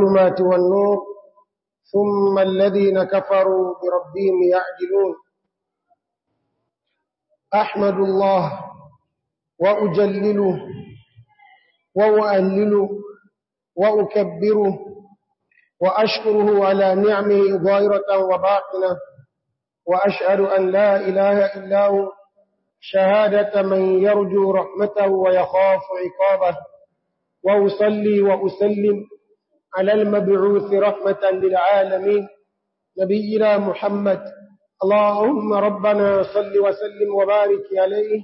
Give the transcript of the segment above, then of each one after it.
الظلمات والنور ثم الذين كفروا بربهم يعدلون أحمد الله وأجلله وأؤلله وأكبره وأشكره على نعمه ظاهرة وباطنة وأشهد أن لا إله إلا هو شهادة من يرجو رحمته ويخاف عقابه وأصلي وأسلم على المبعوث رحمة للعالمين نبينا محمد اللهم ربنا صل وسلم وبارك عليه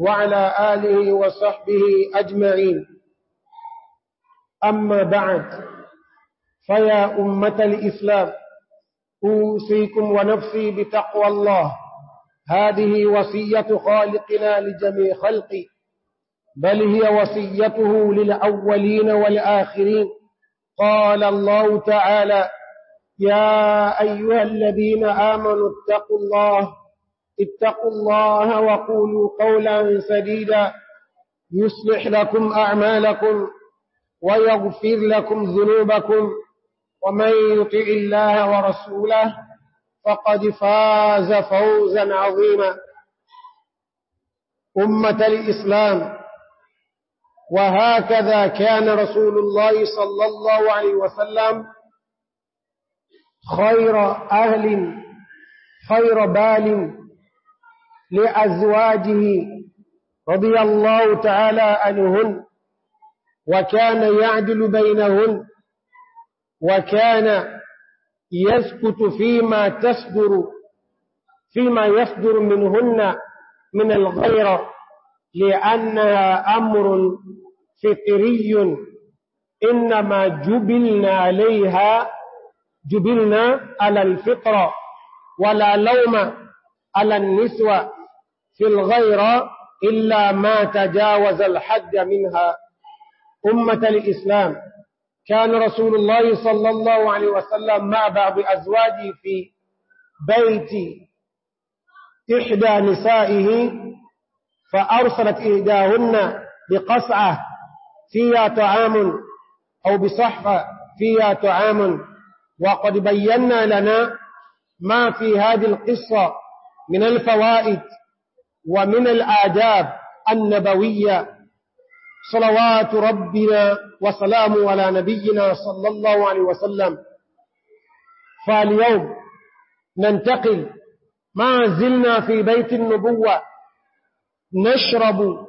وعلى آله وصحبه أجمعين أما بعد فيا أمة الإسلام أوصيكم ونفسي بتقوى الله هذه وصية خالقنا لجميع خلقه بل هي وصيته للأولين والآخرين قال الله تعالى يا أيها الذين آمنوا اتقوا الله اتقوا الله وقولوا قولا سديدا يصلح لكم أعمالكم ويغفر لكم ذنوبكم ومن يطع الله ورسوله فقد فاز فوزا عظيما أمة الإسلام وهكذا كان رسول الله صلى الله عليه وسلم خير أهل خير بال لأزواجه رضي الله تعالى عنهن وكان يعدل بينهن وكان يسكت فيما تصدر فيما يصدر منهن من الغيرة لأنها أمر فطري إنما جبلنا عليها جبلنا على الفطرة ولا لوم على النسوة في الغيرة إلا ما تجاوز الحد منها أمة الإسلام كان رسول الله صلى الله عليه وسلم مع بعض أزواجه في بيت إحدى نسائه فأرسلت إهداهن بقصعة فيها طعام أو بصحفة فيها طعام وقد بينا لنا ما في هذه القصة من الفوائد ومن الآداب النبوية صلوات ربنا وسلام على نبينا صلى الله عليه وسلم فاليوم ننتقل ما زلنا في بيت النبوة نشرب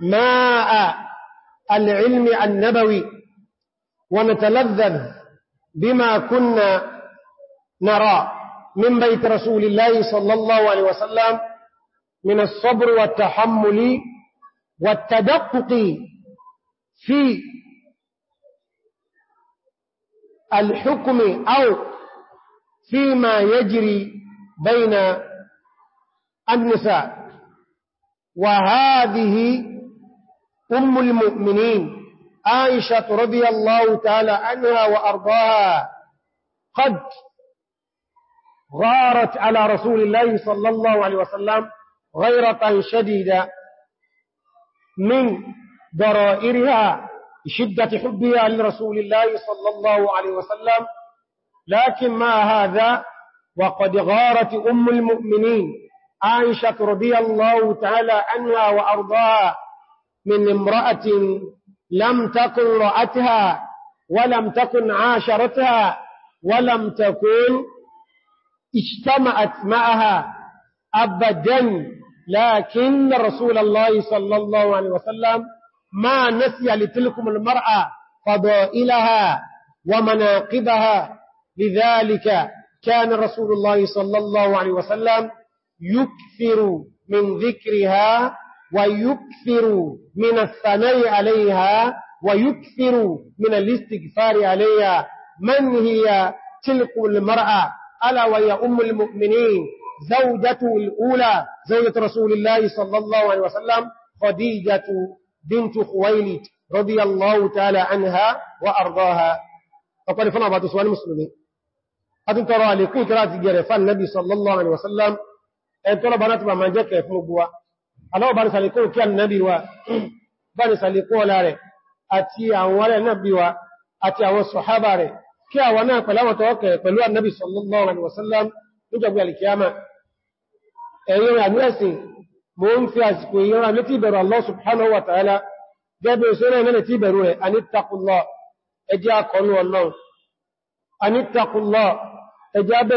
ماء العلم النبوي ونتلذذ بما كنا نرى من بيت رسول الله صلى الله عليه وسلم من الصبر والتحمل والتدقق في الحكم أو فيما يجري بين النساء وهذه أم المؤمنين عائشة رضي الله تعالى عنها وأرضاها قد غارت على رسول الله صلى الله عليه وسلم غيرة شديدة من ضرائرها شدة حبها لرسول الله صلى الله عليه وسلم لكن ما هذا وقد غارت أم المؤمنين عائشة رضي الله تعالى عنها وأرضاها من امرأة لم تكن رأتها ولم تكن عاشرتها ولم تكن اجتمعت معها أبدا لكن رسول الله صلى الله عليه وسلم ما نسي لتلكم المرأة فضائلها ومناقبها لذلك كان رسول الله صلى الله عليه وسلم يكثر من ذكرها ويكثر من الثناء عليها ويكثر من الاستغفار عليها من هي تلك المرأة ألا وهي أم المؤمنين زوجته الأولى زوجة رسول الله صلى الله عليه وسلم خديجة بنت خويلد رضي الله تعالى عنها وأرضاها فقال فنعبات سؤال المسلمين أتنترى لكي ترى جرفان النبي صلى الله عليه وسلم a láti bàmà jẹ́ kẹ̀ fún gbogbo wa aláwọ̀ bá ní sàlékún kí ànàbí wa bá ní sàlékún ọlá rẹ̀ àti àwọn ará ànàbí wa àti àwọn sọ̀hábà rẹ̀ kí àwọn náà pẹ̀láwọ̀ tọ́ọ̀kẹ̀ pẹ̀lú ànàbí sallallahu alaihi wasallam níjọba alìkíyàmà ẹ̀yìn rẹ̀ Allah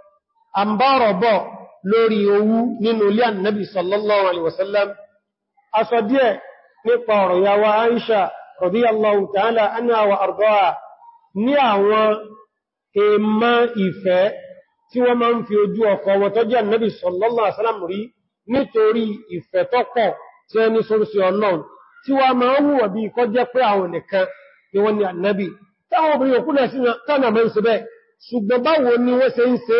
a ń bá rọ̀bọ̀ lórí owú nínú ilé annabi sallallahu alaihi wasallam aṣọ díẹ̀ nípa ọ̀rọ̀ yawa Aisha radiyallahu ta'ala anha wa ardaha ní àwọn èèmà ìfẹ́ tí wọ́n máa ń fi ojú ọkọ wọn tọ́jú annabi sallallahu alaihi wasallam rí nítorí ìfẹ́ tọ́pọ̀ tí ẹni sórísí ọlọ́run tí wọ́n máa ń wùwọ̀ bí ni wọ́n ṣùgbọ́n báwo ni wọ́n ṣe ń ṣe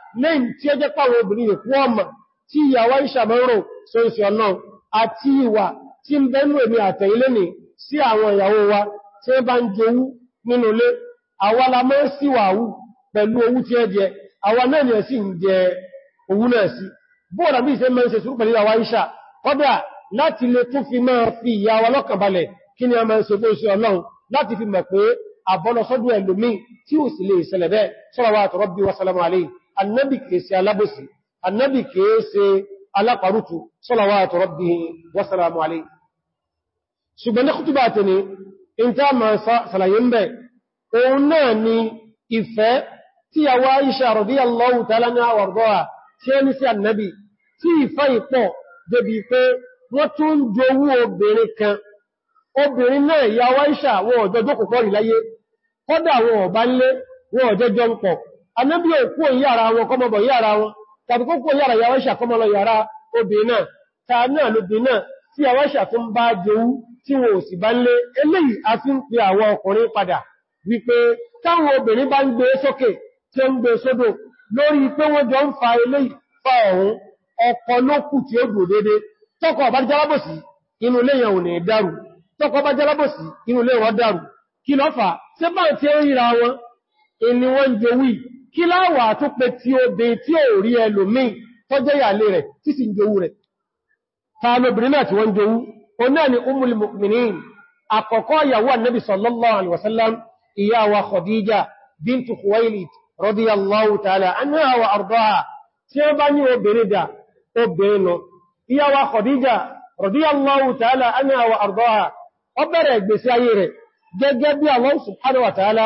lẹ́yìn tí ó jẹ́ pàwọn obìnrin rẹ̀ fún ọmọ tí ìyàwó ìṣàmọ́rò sóríṣẹ́ ọ̀nà àti ìwà tí ń bẹ́nu èmi àtẹ̀yìnlé ní sí àwọn ìyàwó wa tí ó bá ń jowú nínú ilé àwa la mọ́ pẹ̀lú owú tí ẹ jẹ àwa náà ni ẹ̀sì ń jẹ owú náà sí bóòdà bí ìṣẹ́ mẹ́ ń ṣe sùúrù pẹ̀lú àwa ìṣà kọ́dà láti lè tún fi máa fi ìyá wa lọ́kàn balẹ̀ kí ni a máa ń ṣe wa àtọ̀rọ̀ bí annabi kèèsè alábòsí annabi kèèsè aláparútù salawatu rabbihi wa salamu alayhi ṣùgbọ́n ní kútùbà tẹ́ ni in ta ma sàlàyé ń bẹ̀ òun náà ni ìfẹ́ tí ya wá Aisha radiyallahu ta'ala anha wardaha tí ó ní sí annabi tí ìfẹ́ ìpọ̀ débi pé wọ́n tún jowú obìnrin kan obìnrin náà ya wá Aisha wọn ọ̀jọ́jọ́ kòkòrì láyé kọ́dà wọn ọ̀bá nlé wọn ọ̀jọ́jọ́ ń pọ̀ anábí òkú òyí ara wọn kọmọbọ̀ yí ara wọn tàbí kókò yára yàwó ṣàkọmọlọ yàrá obìnrin náà ta náà lóbìnrin náà tí yàwó ṣàkún bá jòun tí wọn ò sì bá lé eléyìí a fi ń pe àwọn ọkùnrin padà wípé táwọn obìnrin bá ń gbé sókè tí ó ń gbé sódò lórí pé wọ́n jọ ń fa eléyìí fa ọ̀hún ọkọ ló kù kí láwà tó pẹ tí ó bẹ tí ó rí ẹlòmí tó jẹ́ ìyàlé rẹ̀ tí sì ń jowú rẹ̀ ta lóbìnrin náà tí wọ́n jowú o náà ni umul mu'minin àkọ́kọ́ ìyàwó annabi sallallahu alaihi wasallam ìyá wa khadija bintu khuwailid radiyallahu ta'ala anha gẹ́gẹ́ bí Allah subhanahu wa ta'ala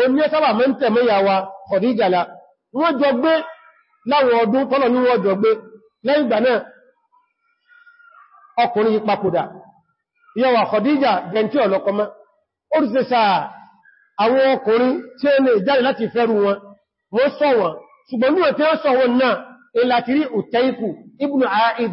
oní ẹ́sáwà mẹ́ntẹ̀ mẹ́yàwà Khadijala wọ́n jọ gbé láwọn ọdún tọ́lọ̀ ní wọ́n jọ gbé lẹ́yìn ìgbà náà ọkùnrin papòdà yọwà Khadija gẹntí ọlọ́kọmọ́ ó rí sẹ́sà àwọn ọkùnrin tí ó lè jáde láti fẹ́rù wọn wọ́n sọ wọn ṣùgbọ́n ní ọ̀tẹ́ sọ wọn náà ìlàtírí Utaiku ibn A'id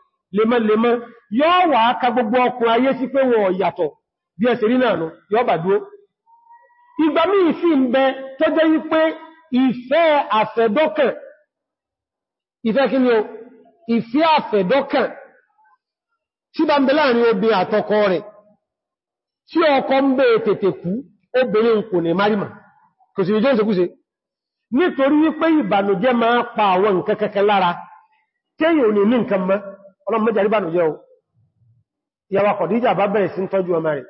lemọ́lemọ́ yóò wà ká gbogbo ọkùn ayé sí pé wọ́n yàtọ̀ bí ẹsẹ̀ rí náà yóò bà dúó ìgbà ìfì ń bẹ tó jẹ́ wípé ìfẹ́ àfẹ́dọ́kàn ìfẹ́ kí ni o ìfẹ́ àfẹ́dọ́kàn tí bá ń bẹ láàrin obìnrin àtọkọ rẹ̀ tí ọkọ ń bẹ tètè kú obìnrin kò ní ọlọ́run mẹ́jà ríbànú jẹ́ o ìyàwó Khadija bá bẹ̀rẹ̀ sí ń tọ́jú ọmọ rẹ̀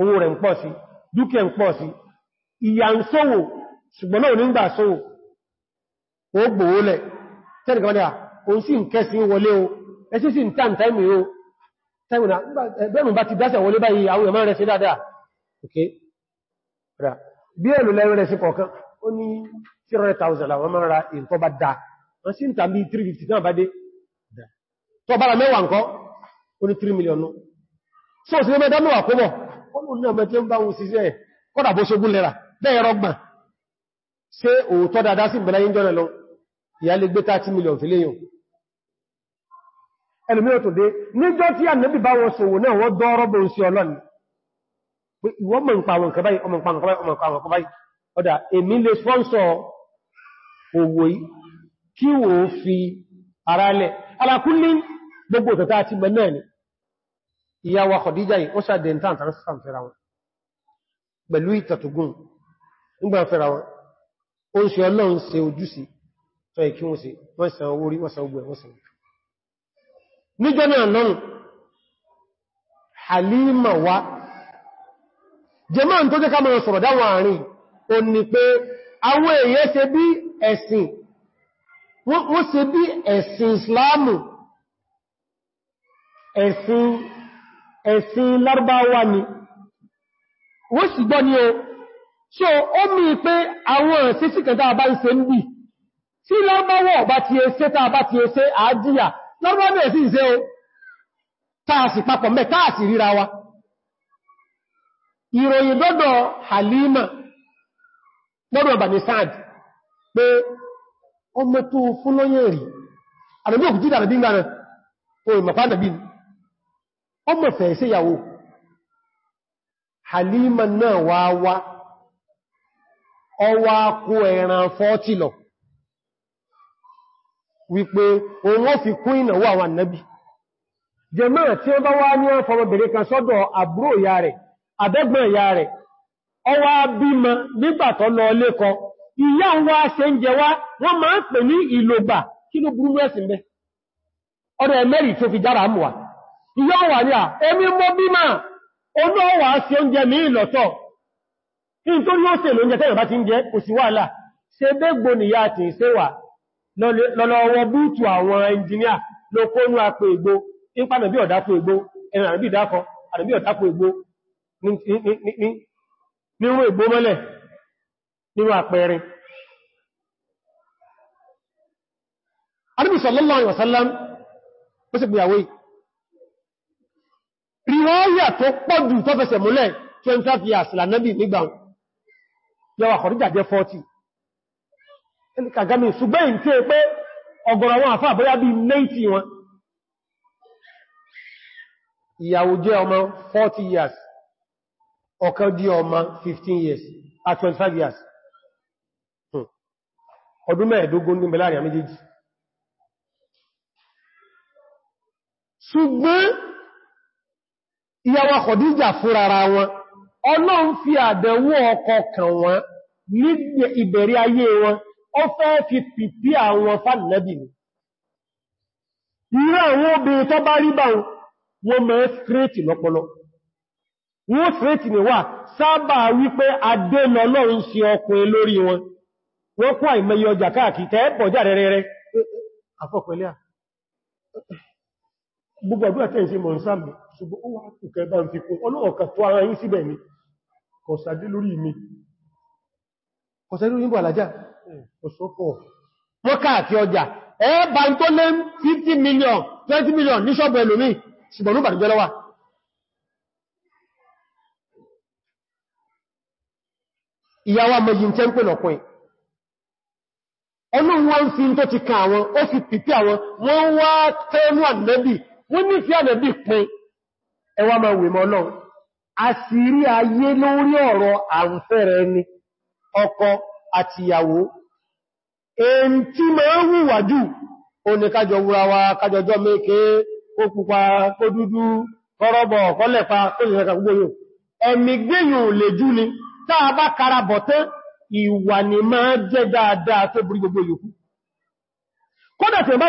owó rẹ̀ ń pọ̀ sí dúkìá ń pọ̀ sí ìyà ń sówò ṣùgbọ́n náà nígbà sówò ó gbòó lẹ̀ tẹ́nìkanlẹ̀ òun sì ń kẹ́sí wọlé o ẹsí sì ń tàn táìmì o táìmìnà bẹ́rùn bá ní 300,000 àwọn mọ́ra ìǹkọ́ bá dáa wọ́n sí ń 350 náà bá dé tó bára mẹ́wàá nǹkan ó ní 3 million nù so sí lé mẹ́dá mẹ́wàá kóbọ̀ olùn náà mẹ́tí ń bá wọn síṣẹ́ kọ́dà bó ṣogún lẹ́ra bẹ́ẹ̀ rọgbà ṣe òótọ́ dáadáa sí ìbẹ̀lẹ̀ ìjọ́nà lọ ìyá lè gbé 30 million fi léyìn ẹlùmíràn tó dé níjọ́ tí ànábì bá wọn ṣòwò náà wọ́n dọ́rọ́ bó ń ṣe ọlọ́ni ìwọ́n mọ̀ ń pa àwọn nǹkan báyìí ọmọ nǹkan báyìí ọmọ nǹkan báyìí èmi lè sponsor òwò yìí kí wò ó fi ara lẹ̀ alákúnlé gbogbo òtọ̀tà àti mẹ́mẹ́ ni ìyá wa Khadija yìí ó sáà dẹ̀ntà àtàrà sàn fẹ́ra wọn pẹ̀lú ìtàtùgùn nígbà fẹ́ra wọn ó ń ṣe ọlọ́run ṣe ojúṣe tọ́ ìkí wọ́n ṣe wọ́n san owó rí wọ́n san ogun ẹ̀ wọ́n san níjọ́ náà bí ẹ̀sìn Islamu ẹ̀sìn ẹ̀sìn lárúbáwá ni wọ́n sì gbọ́ o so ó mú pé àwọn ẹ̀sìsì kẹta ise ń ṣe ń bì tí lárúbáwá ọba ti ẹsẹ́ tá bá ti ẹsẹ́ àájíyà lárúbáwá ní ẹ̀sìn ìṣẹ́ o táàsì papọ̀ mẹ́ táàsì ríra wa ìròyìn dọ́dọ̀ Bani ọmọ fẹ̀ sí ìyàwó Halima náà wa wá ọwá kó ẹran fọ́tí lọ wípé òun ó fi kún ìnáwó àwọn annabi jẹmọ́ tí ó bá wá ní ọfọmọbìnrin kan sọ́dọ̀ àbúrò ìyá rẹ̀ àbẹ́gbọ́n ìyá rẹ̀ ọwá bímọ nígbàtọ́ lọ lẹ́kọ ìyá ń wá ṣe ń jẹ wá wọ́n máa ń pè ní ìlògbà kí ló burú mẹ́sìn bẹ́ ẹ̀mẹ́rì tó fi jára wa ìyọ́ wà ní à ẹmí mọ́ bímá oná wà sí oúnjẹ mi lọ́tọ̀ kí n tó ní ó sè lóúnjẹ tẹ́yọ̀ bá ti ń jẹ kò wà wàhálà ṣe bẹ́gbò nìyà àti ìṣẹ́wà lọ́lọ́wọ́ búùtù àwọn ẹnjìníà ló kónú apò ègbó riwaya tó pọ̀jù tó fẹsẹ̀ múlẹ̀ 25 years lànàbì nígbà yọwà kọ̀ríjà jẹ́ 40 kàgámi ṣùgbẹ́ ìn tí è pé ọ̀gọ̀rọ̀ àwọn àfáà bóyá bí 90 wọn ìyàwó jẹ́ ọmọ 40 years ọ̀kan di ọmọ 15 years at ah, 25 years hmm. ọdún mẹ́ẹ̀dógún ní bẹ̀láàrí àmì jẹ́jì ṣùgbọ́n ìyàwó Khadija fúrara wọn ọlọ́run fi àdẹ̀wò ọkọ kàn wọn ní ìbẹ̀rẹ̀ ayé wọn ó fẹ́ fi pìpí àwọn fànàbì ìrẹ́ àwọn obìnrin tó bá rí báun wọ́n mẹ́ sírẹ́tì lọ́pọlọ wọ́n sírẹ́tì ni wà sábà wípé adé sí ọkụ wọn gbogbo àdúrà tẹ́ ń ṣe mọ̀ ń sáàmì ṣùgbọ́n ó wà kùkẹ́ bá ń fi kún ọlọ́wọ̀ kan tó ara yín síbẹ̀ ni kọ̀sàdé lórí mi kọ̀sàdé lórí bọ̀ alájá ọ̀sọ́pọ̀ wọ́n ń million 20 million ní ṣọ́bẹ̀ lómi ṣùgbọ́n ló bàdúgbẹ́ lọ́wà ìyàwó amẹ́jì ń tẹ́ ń pè lọ́pọ̀ ọlọ́run wọ́n fi ń tó ti kan àwọn ó fi pìpì àwọn wọ́n wá tẹ́ẹ̀nú ànẹ́bì wọ́n ní fi bí pin ẹwà máa wè mọ́ náà àṣírí ayé lórí ọ̀rọ̀ ọkọ àtìyàwó èyí tí ma ń wùwà jù ó ní kájọ wúra wa kájọjọ́ méke ó pupa kó dúdú kọ́rọ́bọ̀ kọ́lẹ̀pa ni tó gbogbo tí bá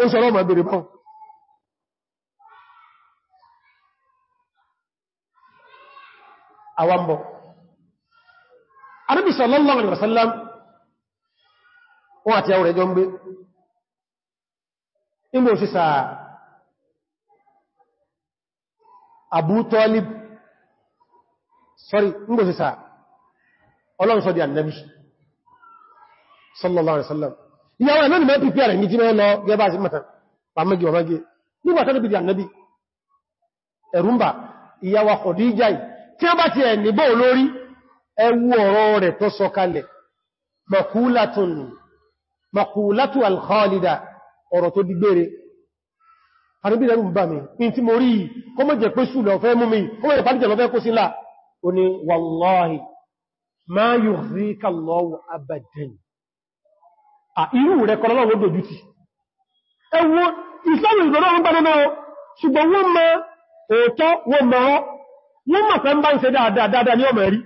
ó sọ́rọ̀ ọmọ ìbèrè bọ́ àwambọ̀ Ànábì sallallahu alaihi wasallam wọ́n àti àwọ̀rẹ̀ jọ ń gbé inú òṣìṣà Abu Talib sorry inú òṣìṣà ọlọ́run sọ di Ànábì sallallahu ìyàwó ẹ̀ lónìí mẹ́pìpì rẹ̀ ní tí mẹ́ lọ gẹ́bà sí mẹ́ta pàmẹ́gì ọmọgé nígbà tó níbi ànábì ẹ̀rùmbà ìyàwó Khadija tí wọ́n bá ti ẹ̀ níbò lórí ẹwú ọ̀rọ̀ rẹ̀ tó sọ kalẹ̀ maqulatu al-khalida ọ̀rọ̀ tó digbére ànábì rẹ̀ rùmbà mi in ti mo rí kọmọ̀jẹ̀ pé sùlọ fẹ́ irú rẹ̀ kọ́ lọ́wọ́ dojú ti ẹwọ ìsáwì ìgbọ́nà ń gbọ́nà náà ṣùgbọ́n wọ́n mọ̀ òótọ́ wọ́n mọ̀ ọ́ wọ́n mọ̀ pẹ́ ń bá ń ṣe dáadáa ní ọmọ ẹ̀rí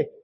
ẹ má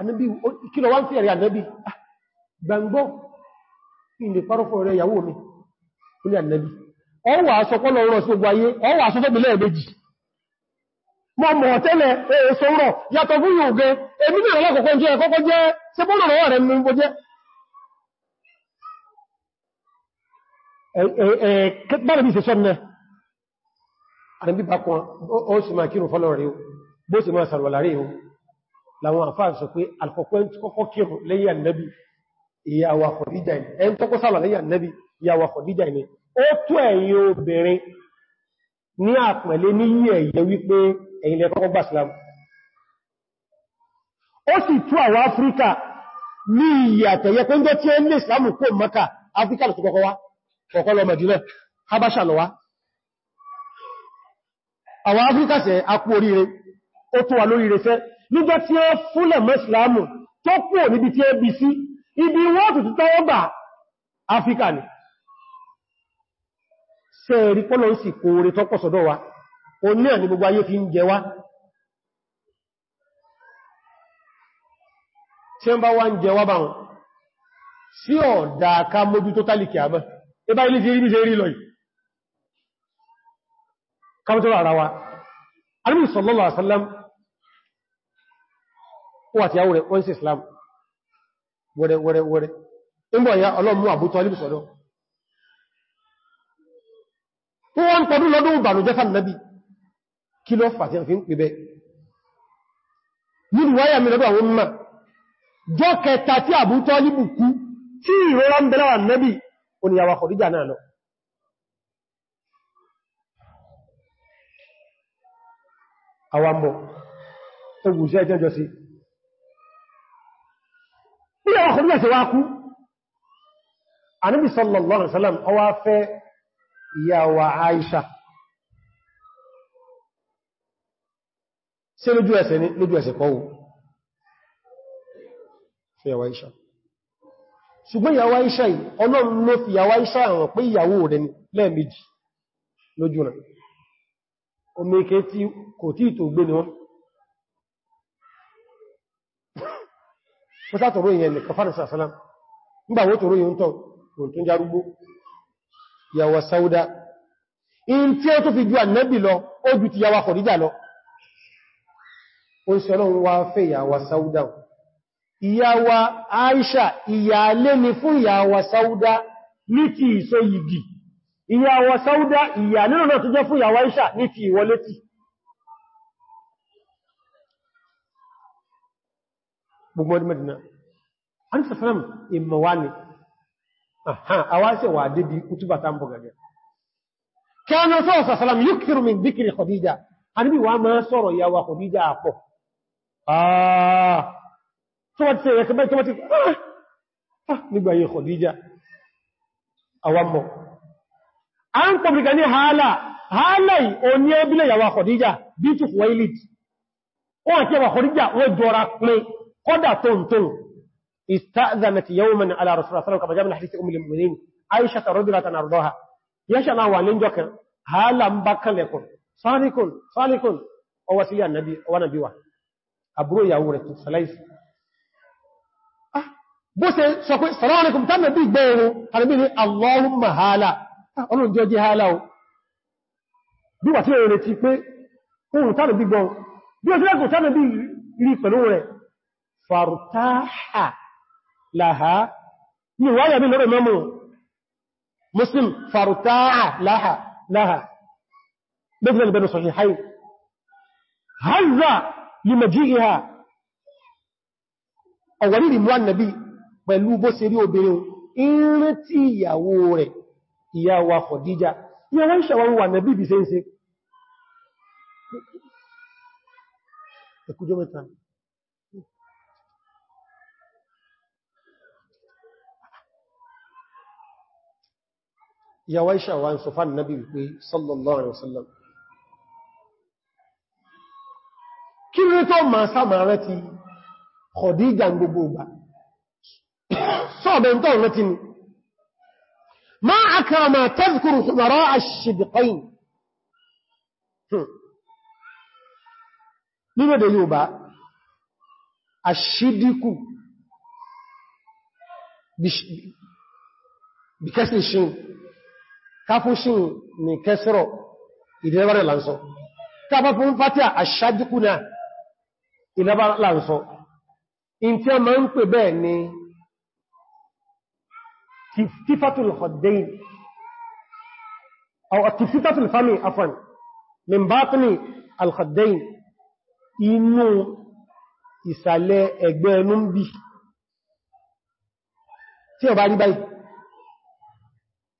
Anabi kí lọ wá ń fi ẹ̀rẹ̀ ànábì ah, gbàngbọ́ ilẹ̀ parọ́fọ́ rẹ̀ ìyàwó mi ó lè ànábì ọwà àṣọpọ́lọ ọ̀rọ̀ sí gbogbo ayé ọwà àṣọ́fẹ́bìlẹ̀ ẹ̀bẹ̀jì mọ́ mọ̀ tẹ́lẹ̀ èèsọ́rọ̀ yàtọ̀ fún yóò gẹ èmi náà lọ́kọ̀ọ́kọ́ jẹ́ ẹ̀kọ́kọ́ jẹ́ ṣe bọ́nà lọ́wọ́ rẹ̀ mú jẹ́ bọ́nà bí ṣe sọ́nà àrẹ́bí bó sì máa sàrọ̀lá rẹ̀ ó láwọn àfáà sọ pé alkọ̀kọ́ tí kọ́kọ́ kírùn lẹ́yìn annabi ìyàwó Khadija ni ẹn tọ́kọ́ sálà lẹ́yìn annabi ìyàwó Khadija ni ó tó ẹ̀yin obìnrin ní àpẹ̀lẹ́ ní yí ẹ̀yẹ wípé ẹ̀yin lẹ kọ́kọ́ gbàsìlámù ó sì tú àwọn Áfíríkà ní ìyàtẹ̀yẹ pé ń jẹ́ tí ẹ wà lóríire fẹ́ níjọ́ tí ó fúnlẹ̀ mọ́sílámù tó kúrò níbi tí ó bí sí ibi wọ́ọ̀tù tó bà ni ṣe rí kò rí wa o ní ẹ̀ ní gbogbo ayé fi ń jẹ wá tí ó bá wá ń jẹ wá báwọn sí ọ̀dà ká mójú tó tálìkì àmọ́ ó àti àwọ̀ rẹ̀ wọ́n Islam wẹ́rẹ́wẹ́rẹ́ nígbọ̀ ya ọlọ́mú Abu Talib sọ́dọ̀ tó wọ́n tọdún lọ́dún ìbànújẹ́ fàánàbí kí lọ fàtí àfi ń pè bẹ́ nínú wáyà mi lọ́dọ̀ àwọn mọ́ jọ kẹta tí Abu Talib kú tí ìrora ń bẹ̀rẹ̀ sí bí ẹwà kò níyà sí wá kú anábi sallallahu alaihi wasallam ọwá fẹ́ ìyàwó Aisha sí lójú ẹsẹ̀ ní lójú ẹsẹ̀ kọ́wọ́ fẹ́ ìyàwó Aisha ṣùgbọ́n ìyàwó Aisha yìí ọlọ́run ló fi ìyàwó Aisha àwọn pé ìyàwó rẹ̀ ní lẹ́ẹ̀mejì lójú rẹ̀ omi kẹ́ tí kò tí ìtò gbé ni wọ́n wọ́n sá tọ̀rọ ìyẹn nìkan fánà sàsánà nígbà wọ́n tọ̀rọ ìyẹn tọ̀ òun tó ń jarúgbó yàwó sáúdá in tí ó tó fi ju ànẹ́bì lọ ó ju ti yàwó àkọ̀díjà lọ ó ń wá fẹ́ yàwó sáúdá ìyàwó Aisha ìyàlé ni fún yàwó sáúdá ní ti ìsọ yìgì ìyàwó sáúdá ìyàlé náà tó jẹ́ fún Aisha ní ti gbogbo ọdún mẹ́dínà anìsàsánàmù ìmọ̀wá ni àwáṣẹ́ wà débi kútúbà tàbí gàgẹ̀ kí a náà sọ́rọ̀ sàsánàmù yóò kìrò mi díkìrì Khadija àníbí wà máa sọ̀rọ̀ ìyàwó Khadija àpọ̀ ah. wọ́n àti ẹwà ah, ah, Khadija wọ́n jọra pín kọ́dà tóntón ista'zanat yawman ala rasulullah sallallahu alaihi wasallam kama jami'a hadith ummul mu'minin aisha radhiyallahu anha ardaha yasha na wa lin jokan halam bakalekun salikun salikun ó wá sí annabi wa nabi wa àbúrò ìyàwó rẹ̀ salaisi ah bó ṣe sọ pé salamu alaikum tan nabi فارتاح لها من رواية من الإمام مسلم فارتاح لها لها بذل بين الصحيحين هز لمجيئها ọ̀wọ̀lì ìlú annabi pẹ̀lú bó ṣe rí obìnrin ìrìn tí ìyàwó rẹ̀ ìyàwó Khadija ìyàwó ìṣàwọ́wọ́ annabi bí ṣe ń ṣe ẹkùjọ mẹ́ta ìyàwó Aisha wa ń sọ fán nábi wípé sallallahu alaihi wasallam kí ní tó ma sáàmà rẹ ti Khadija gbogbo ọgbà sọ́ọ̀bẹ̀ tó rẹ ti ni ma akrama tazkuru humara ash-shidqayn nínú èdè yóò bá káfúṣùn ní kẹsìrọ̀ ìdẹ́bàrẹ̀ lánsọ tàbá fún fàtíà àṣájúkú náà ìdẹ́bàrẹ̀ lánsọ in tí a máa ń pè bẹ́ẹ̀ ni tífàtùl khaddain àwọn tífàtùl fami afan min bátini alkhaddain inú ìsàlẹ̀ ẹgbẹ́ ẹnu ń bí tí ọba rí báyìí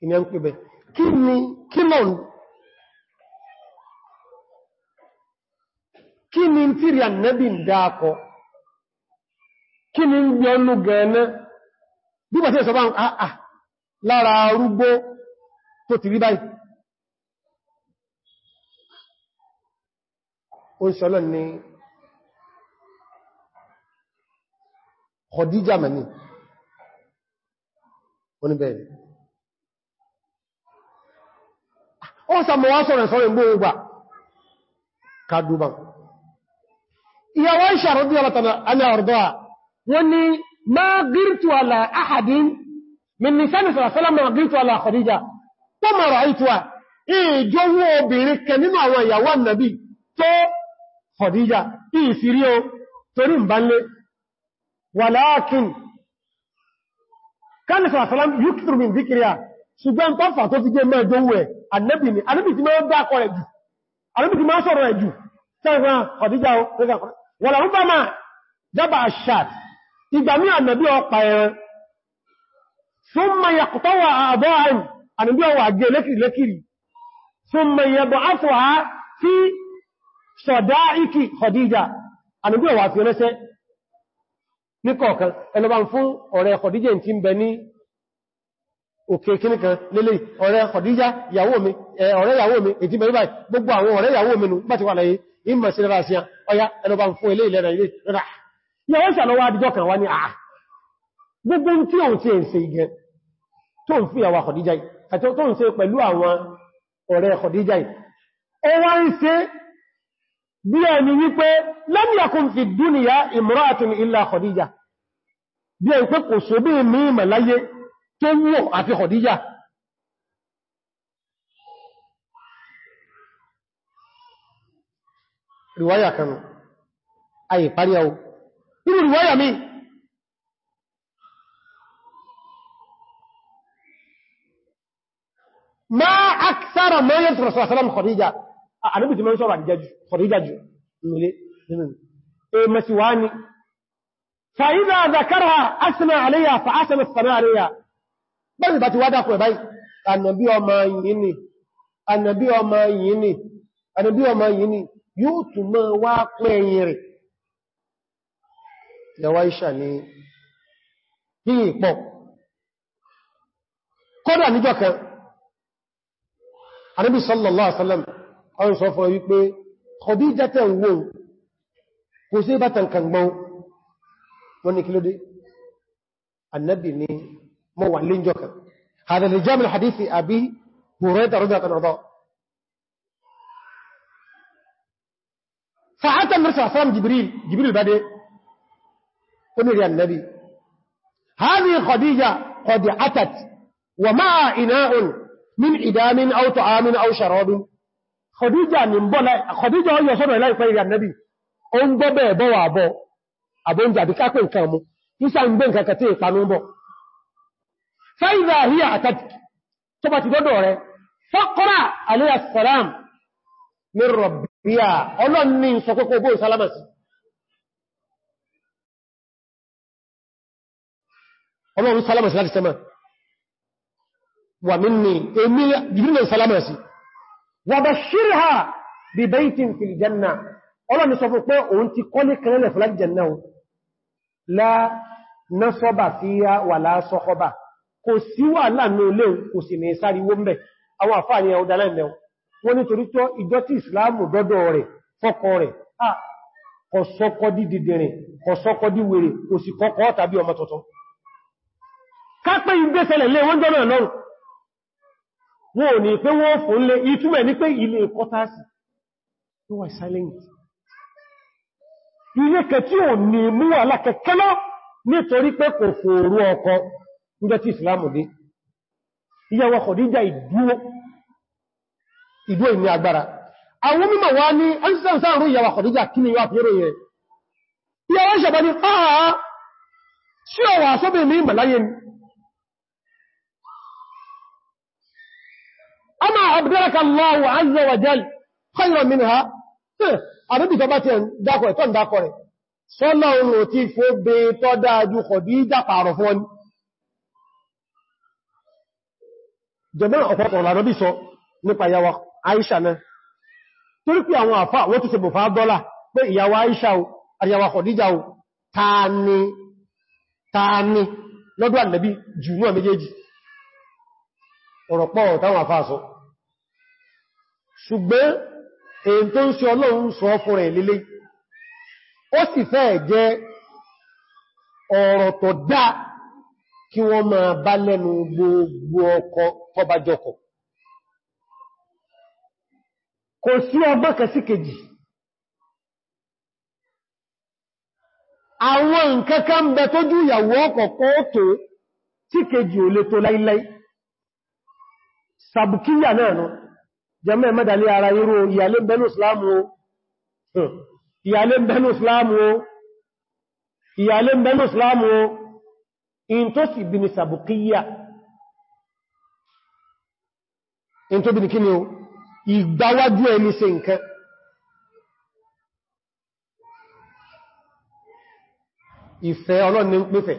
ìmẹ́ ń pè bẹ́ẹ̀ kí ni kí mọ̀ ń kí ni tí rí ànẹ́bì ń dáakọ kí ni ń gbé ọnú gẹ̀ẹ́nẹ́ bí bàtí ẹ̀sọ́ bá àà lára arúgbó tó ti rí báyìí ó ń sọ́lọ́ ni ó sàmọ̀ wá sọ̀rọ̀ sọ̀rọ̀ ìgbò ogbà kàdùbà ìyàwó ìṣàrọ̀ bí ọlọ́tàna aláàrùdọ́wà wọ́n ni ma gírtù àlà áhàdín min nisani sàrásọ́lá ma gírtù àlà Khadija tó mọ̀rọ̀ àìtùwà ìjọwó obìnrin kẹ nínú àwọn ìyàwó annabi tó Khadija ìfìrí o torí mbánlé wàlákin kan sàrásọ́lá yúkìtùrù min zikriya ṣùgbọ́n tó fà tó fi jẹ́ mẹ́jọ wẹ̀ annabi ni annabi tí máa ń dákọ rẹ̀ jù annabi tí máa ń sọ̀rọ̀ rẹ̀ jù sẹ́gbọ́n ọ̀díjá wọ́n làrún bá máa dábà ṣàt ìgbà mí annabi ọpa ẹran summa yaqta'u a'dha'an annabi ọwà gẹ́ lékìrì lékìrì summa yab'athuha fi sada'iki Khadija annabi ọwà fi òkè kíníkan lélẹ̀ ọ̀rẹ́ Khadija ìyàwó mi ọ̀rẹ́ ìyàwó mi èdí mẹ́rin báyìí gbogbo àwọn ọ̀rẹ́ ìyàwó mi nù bá ti wà láyé ìmọ̀ sí rẹ̀ àṣíyàn ọya ẹnubá ń fún ilé ìlẹ́rẹ̀ ilé rẹ̀ yàwó ìṣàlọ́wọ́ adìjọ́ kan wá ní àà ah, gbogbo tí òun ti ẹ̀ṣẹ̀ igẹ̀ tó ń fi àwà Khadija àti tó ń ṣe pẹ̀lú àwọn ọ̀rẹ́ Khadija ó wá ń ṣe tó wò àfi Khadija ríwáyà kanu ayè parí ọ irú ríwáyà mi ma akthara ma yantiqu rasulullah Khadija àdúgbì tí mọ́ sọ́rọ̀ Khadija jù nílé nínú èmẹ́síwá ni fa idha dhakarha asna alayha fa asna as bẹ́ẹ̀ bá ti wá dákùn ẹ̀báyìí ànàbí ọmọ yìí ni ànàbí ọmọ yìí ni ànàbí ọmọ yìí ni yóò tún mọ́ wá pẹ́ ẹ̀yìn rẹ̀ lẹ́wà ìṣà ni yìí pọ̀ kódà níjọ́ kan ànàbí sallallahu alaihi wasallam ọ̀rọ̀ sọ fún wípé Khadija tẹ́ ń wó kò sí bá tàn kàngbọ́n wọn ni kí ló dé ni مو لين جوكا هذا اللي جاء من حديث أبي هريرة رضي الله عنه فأتى النبي صلى جبريل جبريل بدأ قل يا النبي هذه خديجة قد أتت وما إناء من إدام أو طعام أو شراب خديجة من بلا خديجة هو الله عليه وسلم النبي أنبو بيبو أبو أبو أنجا بكاكو الكامو يسا أنبو كاكتين قانون بو فإذا هي أتتك تبا تدودو فقرأ عليه السلام من ربيا أولون من سكوكو بو سلامس أولون سلامس لا تستمع ومني إمي جبريل سلامس وبشرها ببيت في الجنة أولون سكوكو وانت قولي كنالة فلاك جنة لا نصب فيها ولا صخبه kò sí wà láàrin olè kò sì ní sáriwó mẹ́ àwọn àfáà ni ọ̀dá lẹ́mẹ́ wọn nítorí tó ìjọ tí ìsìláàmù dọ́dọ̀ rẹ̀ fọ́kọ rẹ̀ à kọ̀sọ́kọ́ dídìdìrìn kọ̀sọ́kọ́ kò sì kọ́kọ́ tàbí ọmọ tuntun kápẹ́ wọ́n ò ní nítorí pé kò ọkọ̀ níjọ́ tí ìsìlámù dé ìyàwó Khadija ìdúró ìdúró ìní agbára àwọn mímọ̀ wá ní ẹnsẹ́nsẹ́rù ìyàwó Khadija kí ni yóò fi rò yẹ ìyàwó ṣẹ̀bọ̀ ni fáà sí ọwà sóbì ní ìmọ̀láyé ni a máa abdẹ́rẹ́ka lọ́wọ́ azza wa jal kọ́yọ̀ mi ha àbíbì tó bá ti jẹmọ́ ọ̀pọ̀pọ̀ ọ̀rọ̀ àdọ́bí sọ nípa ìyàwó Aisha náà torí pé àwọn àfá wọ́n tó ṣe bò dọ́là pé ìyàwó Aisha o àyàwó Khadija o tààni tààni lọ́dọ̀ ànàbí jù náà méjèèjì ọ̀rọ̀pọ̀ táwọn àfá sọ ṣùgbọ́n èyí tó ń ṣe Ọlọ́run sọ fún rẹ̀ lílé ó sì fẹ́ ọ̀rọ̀ tó dá kí wọ́n máa bá lẹ́nu gbogbo ọkọ̀ tó bá jọkọ̀. Kò sí ọgbọ́n kẹsí kejì. Àwọn nǹkan kan bẹ tójú ìyàwó ọkọ̀kọ́ tó tí kejì ò lè tó láíláí. Sàbùkíyà náà nà, jẹmọ́ ẹ̀mẹ́dàlé ara irú ìyàlé bẹnu Ìsìlámù Ìsìlámù o, in tó bí ní kí ni o ìgbáwájú ẹni ṣe nǹkan ìfẹ́ ọlọ́run ní ń pèfẹ́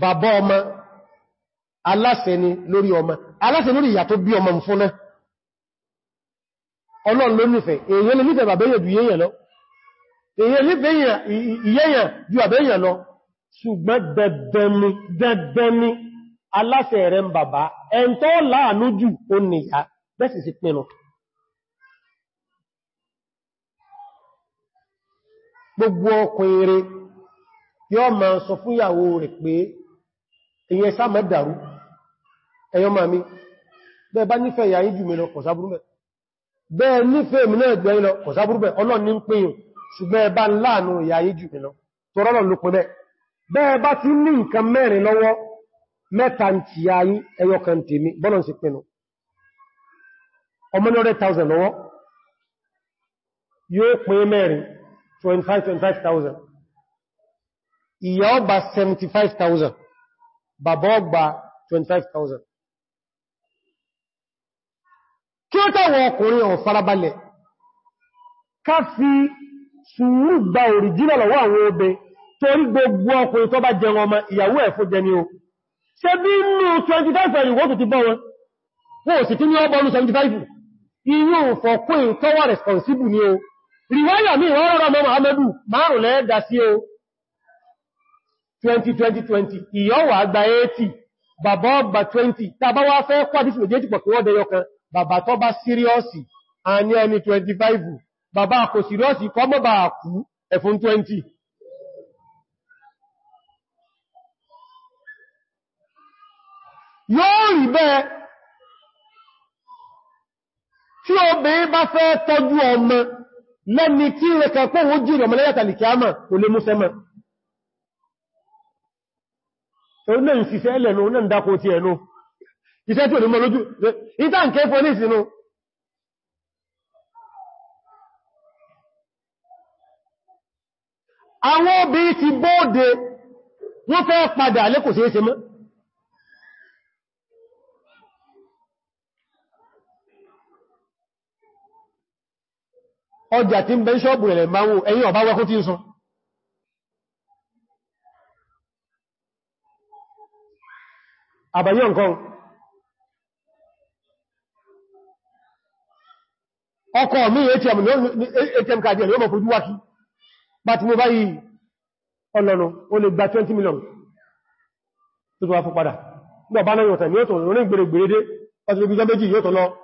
bàbá ọmọ aláṣẹ ni lórí ọmọ aláṣẹ lórí ìyà tó bí ọmọ fún náà ọlọ́run ló nífẹ̀ẹ́ èèyàn lè nífẹ̀ẹ́ bàbá èèyàn ju èèyàn lọ èèyàn ìyẹ́yàn ju àbẹ́yàn lọ ṣùgbọ́n dandan ni aláṣẹ rẹ̀ ń bàbá ẹn tó láàánú jù ó nìyà bẹ́sì sí pinnu gbogbo ọkùn eré yóò ma sọ fún ìyàwó rẹ̀ pé èyàn sáàmà dàrú ẹ̀yọ́ ma mi bẹ́ẹ̀ bá nífẹ̀ẹ́ ìyà yín jù mí lọ kọ̀sábúrúbẹ̀ bẹ́ẹ̀ nífẹ̀ẹ́ mi náà gbẹ̀yìn lọ kọ̀sábúrúbẹ̀ ọlọ́ni ń bẹ́ẹ̀ bá mẹ́ta ń ti ya yí ẹyọ kan tèmi bọ́nà sí pinnu ọmọ 100,000 lọ́wọ́ yóò pín mẹ́rin 25,000 ìyá ọgbà 75,000 bàbá ọgbà 25,000 kí ó tàwọn ọkùnrin ọ̀n farabalẹ̀ ká fi sùúrù gba òrìjínà lọ́wọ́ àwọn obè torí gbogbo ọkùnrin tó bá jẹun ọmọ ìyàwó ẹ̀fún jẹ ni o ṣe bí nínú 25 ẹ̀yìn wọ́n tó ti bọ́ wọn wọ́n sì tí ní ọgbọ́nú 75 inú fọ̀kún tọ́wà responsible ni o ríwáyà mi wọ́n rọ́rọ̀ mọ́ Muhammadu márùn lẹ́ẹ̀dà sí o 2020 ìyọ́wà gba 80 bàbá ọgbà 20 tàbá wá fẹ́ kwàdísì méjèèjì pọ̀ kí wọ́n dẹyọ kan bàbá tó bá síríọ́sì a ní ẹni 25 bàbá kò síríọ́sì kọ́mọ́bà kú ẹ̀fún 20 yóò rí bẹ́ẹ̀ tí obìnrin bá fẹ́ tọ́jú ọmọ lẹ́ni tí rẹ̀ kẹ́kọ́ wó jí ọmọ lẹ́yàtà lè kí á mọ̀ kò lè múṣẹ́ mọ̀ ẹ̀rùn náà ń ṣiṣẹ́ ẹlẹ̀nu náà ń dákó ti ẹ̀nu iṣẹ́ tí ò ní mọ́ lójú ìta ń kẹ́ fún ní ìsinú àwọn obìnrin ti bóòdè wọ́n fẹ́ padà lẹ́kòsí ẹsẹ mọ́ ọjà tí ń bẹ ṣọ́ọ̀bù rẹ̀ máwó ẹ̀yìn ọba wẹ́kún tí ń sun àbáyọ́ nǹkan ọkọ̀ mi atm atm card ẹ̀ lọ́mọ̀ fojú wákí bá ti mo báyìí ọlọ́nà o lè gba 20 million tó tó wá fún padà ní ọ̀bá lọ́yìn ọ̀tẹ̀ ni ó tọ̀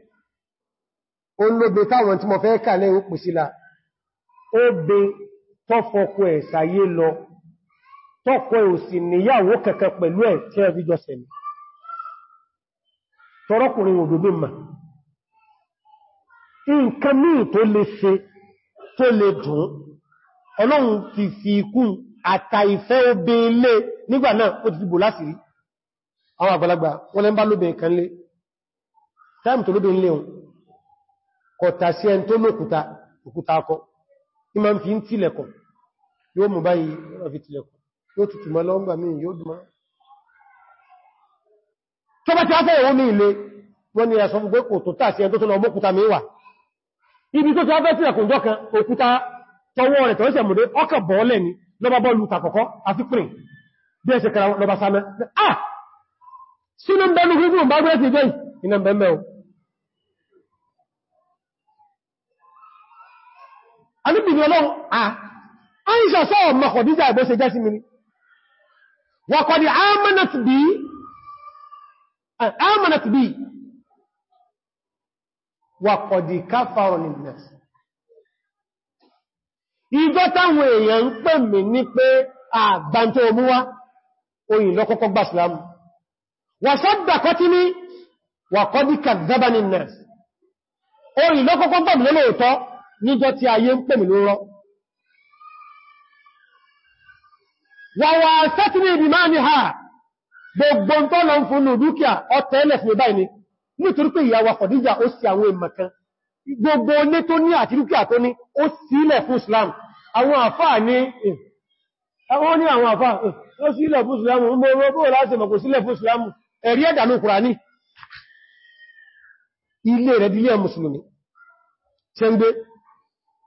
ó lóbe táwọn tí mo fẹ́ kàlẹ̀ ó pèsílá ó be tọ́fọkọ ẹ̀ sàyé lọ tọ́kọ ẹ̀ ò sì níyàwó kẹkẹ pẹ̀lú ẹ̀ tí ẹ fi jọsẹ̀ ni tọ́rọkùnrin òdòdó mà nǹkan míì tó lè ṣe tó lè dùn ọlọ́run ti fi ikú àtà ìfẹ́ obè ilé nígbà náà ó ti fi bò láṣìírí àwọn àgbàlagbà wọ́n lẹ́ ń bá lóbe nǹkan lé táìmù tó lóbe ilé ohun kọ̀tà sí ẹn tó lókúta òkúta akọ ní ma ń fi ń tilẹ̀kọ̀ yóò mú báyìí ọ̀fi tilẹ̀kọ̀ yóò tutù mọ́ lọ́ngbà mí yóò dùn tó bá ti afẹ́ ìwọ́n ní ilé wọ́n ni ẹ̀sọ́ gbogbo kò tó tàṣí ẹn tó tó lọ mọ́kúta mi wà ibi tó ti afẹ́ tilẹ̀kùn jọ́kan òkúta tọwọ́ rẹ̀ tọ́wọ́ ni lọ́bá bọ́ọ̀lù tàkọ́kọ́ àti pìrìn bí ẹ̀ṣẹ̀ kẹra ah sínú bẹ́lú gúgùn bá gbé ti jẹ́ ìnà alúbìnrin ọlọ́run à áìṣà sọ́ọ̀ mọ̀kọ̀díjà ìbó ṣe jẹ́ sí mìírí wọ̀kọ̀dí ámànàtì bí wọ̀kọ̀dí káfàrọ̀ nìbìnàs ìjọ táwọn èèyàn ń pè mí ní pé àgbàntó omúwá oyin lọ́kọ́kọ́ gbà sílámù wọ̀sọ́dàkọ́tí ní wọ̀kọ́dí kàzábánìnàs oyin lọ́kọ́kọ́ gbà mí níjọ tí ayé ń pè mí lóró wàwà sẹ́tìní ìbì máa ní ha gbogbo tó lọ ń fún dúkìá ọ̀tẹ́lẹ̀ fún ìbáyìí ni nítorí pé ìyàwó Khadija ó sì àwọn ìmọ̀kan gbogbo olé tó ní àti dúkìá tó ní ó sílẹ̀ fún Islam àwọn hmm. ní àwọn hmm.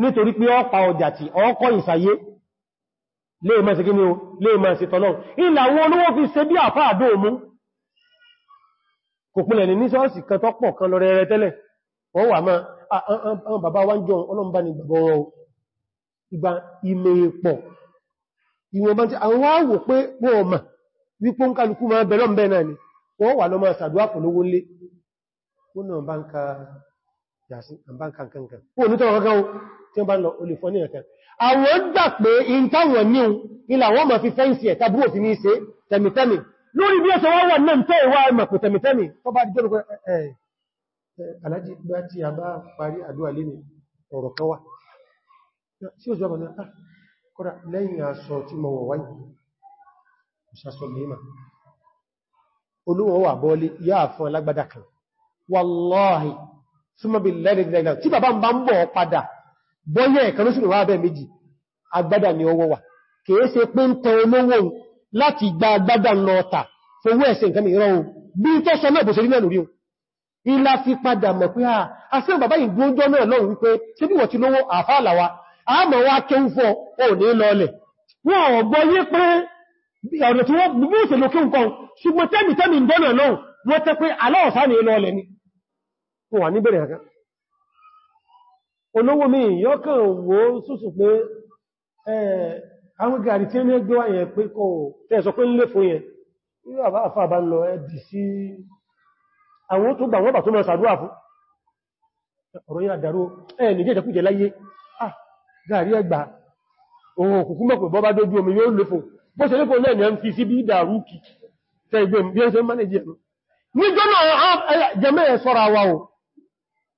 nítorí pé ọpa ọjà tí ọkọ̀ ìsàyé lè mọ́ sí kí ní o lè mọ́ sí tọ́lọ́run ilẹ̀ àwọn olówó fi ṣe bí àfá àdó mú kò pínlẹ̀ ní sọ́ọ̀sì kan tó pọ̀ kan lọ rẹ̀rẹ̀ tẹ́lẹ̀ wọ́n wà máa àwọn bàbá wá ń jọ ọlọ́mbà ní bàbá wọn ìgbà ìmẹ̀ náà yàsí àbá kankankan wọ́n ní tọ́wọ́ kankan tí ó bá lọ olè fọ́ ní ẹ̀kan àwọn gbà pé in táwọn ní un ilà wọ́n ma fi fẹ́ǹsì ẹ̀ta bú òfin ní ṣe tẹ̀mìtẹ́mì lórí bí ẹ̀ṣọ́ wọ́n náà tó ìwà ẹ̀mọ̀kù tẹ̀mìtẹ́mì tó bá dìjọ́ eh, eh, ah, Wallahi súnmọ́ bí lẹ́rìndẹ̀gbẹ̀rẹ̀ tí bàbá ń bá ń bọ̀ padà bọ́yẹ̀ ẹ̀kan lóṣùn wà bẹ́ẹ̀ méjì agbádà ni ọwọ́ wà kìí ṣe pé ń tẹ olówó láti gba agbádà lọ́ọ̀tà fowó ẹ̀sẹ̀ nǹkan mìíràn ohun bí tó sọ náà bòṣe rí náà lórí ilá fi padà mọ̀ pé ah, a sí bàbá yìí gbójọ́ náà lọ́rùn wípé ṣe bí wọ́n ti lówó àfáàlàwà ni fún wà níbẹ̀rẹ̀ ẹ̀kan olówó mi yọ́kàn wo súsù pé àwọn gàrí tí ó ní ẹgbẹ́ wáyẹ pé kò tẹ́ẹ̀sọ pé nílé fún yẹn irú àfàbà lọ ẹ̀dì sí àwọn tó gbà wọ́n bà tó mọ́ sàdúrà fún ọ̀rọ̀ yà ẹ̀ nìjẹ́ ìjẹkújẹ láyé ah gàrí ẹgbà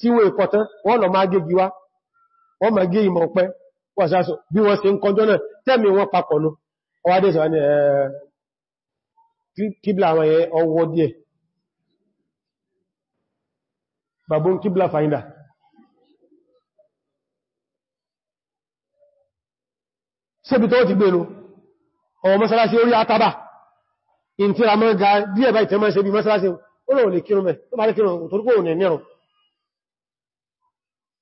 tí wọ́n ìpọ̀tán wọ́n lọ máa gé gíwá wọ́n máa gé ìmọ̀ ọ̀pẹ́ wọ́sásọ bí wọ́n ṣe ń kọjọ́ náà tẹ́mì wọn papọ̀ ló ọwádé sọ ní kíblà àwọn ẹ̀yẹ ọwọ́ díẹ̀ babon kíblà finder ṣébi tó ti gbé lọ ọwọ́ mọ́sálásí orí àtàbà ìntìramọ́ ga díẹ̀ báyìí tẹ́mọ́ ṣe bí mọ́sálásí ó lọ́wọ́ lè kírùn mẹ́ tó bá lè kírùn tó rúgbò ní ẹ̀nìyàn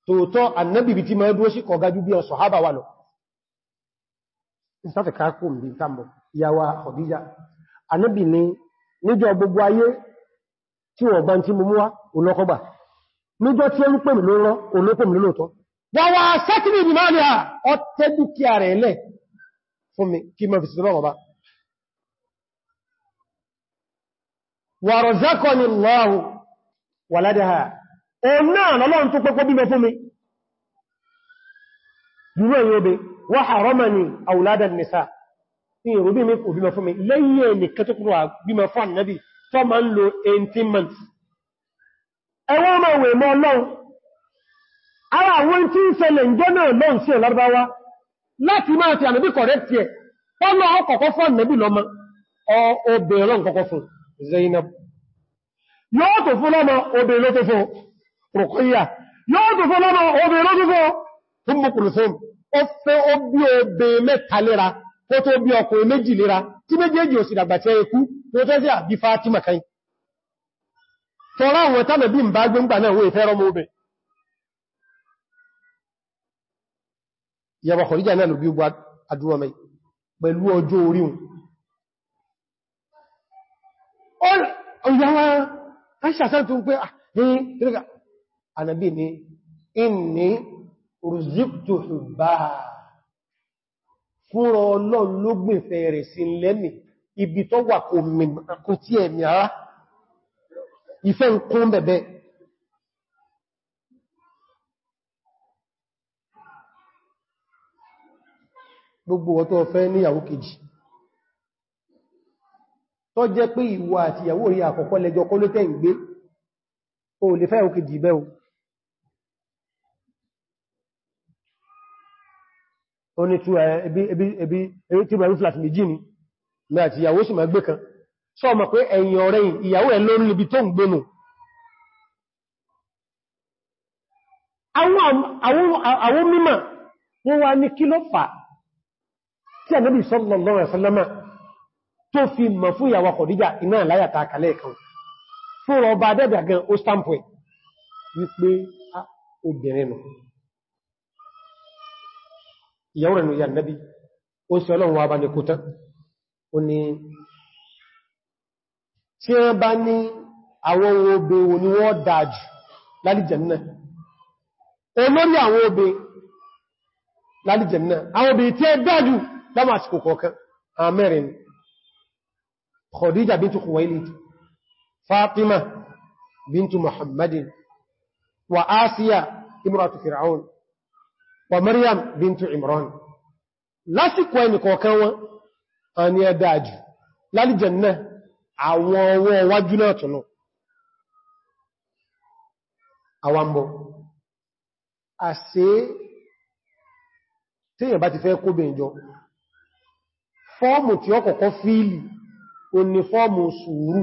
tòótọ́ annabi bí tí ma dúró sí kọ̀gájú bí ọ̀sọ̀ hábà wà lọ. ìsáfẹ̀ káàkó mi tàbí ìyàwó Khadija annabi ni níjọ gbogbo ayé tí wọ́n gbá tí múmúwá olókọ́gbà níjọ tí ó ń pè Allahu waladaha òun náà lọ́lọ́run tó pẹ́pọ́ nisa months ọmọ ìwé mọ́ ara àwọn tí ń na ìjọ náà lọ́un sí ọ̀lárúbáwá láti máa ti ànábì correct ẹ̀ tọ́lọ ọkọ̀kọ́ fún ànábì lọ́mọ obìnrin lọ́n fún Zainab rùkúyà yóò tó fún lọ́nà obè lójúgbọ́ fún mọ̀kùnrin ó fẹ́ ó bí obè mẹ́ta lera kó tó bí ọkùnrin méjì lera tí méjèèjì ò sì dàgbà tí ẹkú tó tẹ́ sí àbí Fátímà ìyàwó Ànábì ni inni rùzíktù hubbaha fúnra ọlọ́run ló gbìnfẹ́ rẹ̀ sí lẹ́mì ibi tó wà kò tí ẹ̀mì ara ìfẹ́ ń kún gbogbo ọ̀tọ́ ọ̀fẹ́ níyàwó kejì tó jẹ́ pé Ati àti ìyàwó rí àkọ́kọ́ lẹ́jọ́ kó o lè fẹ́ òkè jì bẹ́ o ó ní tú ẹbí tí ó bá rúfìlà ti méjì ní láti ìyàwó sì máa gbé kan sọ mọ̀ pé ẹ̀yìn ọ̀rẹ́ ìyàwó ẹ̀ lórí ibi tó ń gbénù àwọn mímọ̀ wọ́n wá ní kí ló fà tí Ànábì sallallahu alaihi wasallam tó fi ìyàwó rẹ̀ nìyà nẹ́bí ó sì ọlọ́run wa bá ní kútán ó ní tí wọ́n bá ní àwọn obè wo ni wọ́n dájú lálìjẹ̀nnà olórí àwọn obè lálìjẹ̀nnà àwọn obè tí ẹ dájú láwọn àsìkò kọ̀ọ̀kan wa Maryam bintu Imran lásìkò ẹnì kọ̀ọ̀kan wọn a ní ẹ̀dà jù lálìjẹ̀ náà àwọn ọwọ́ wájú náà tọ̀nà àwambọ̀ àṣẹ tíyàn bá ti fẹ́ kó bèèjọ fọ́ọ̀mù tí ó kọ̀kọ́ fíìlì o ní fọ́ọ̀mù sùúrù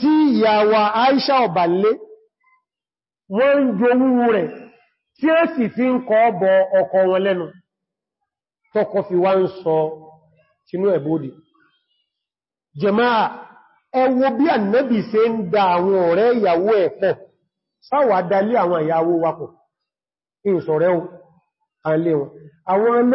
tí ìyàwó Aisha ọ̀bàlé wọ́n ń jowú rẹ̀ tí ó sì fi ń kọ́ bọ ọkọ wọn lẹ́nu fi wá ń sọ tínú ẹ̀bódì jẹmáà bi bí ànábì ń da àwọn ọ̀rẹ́ ìyàwó ẹ̀ pọ̀ sáwà dalé àwọn ìyàwó wapọ̀ ìsọ̀rẹ́ alé wọn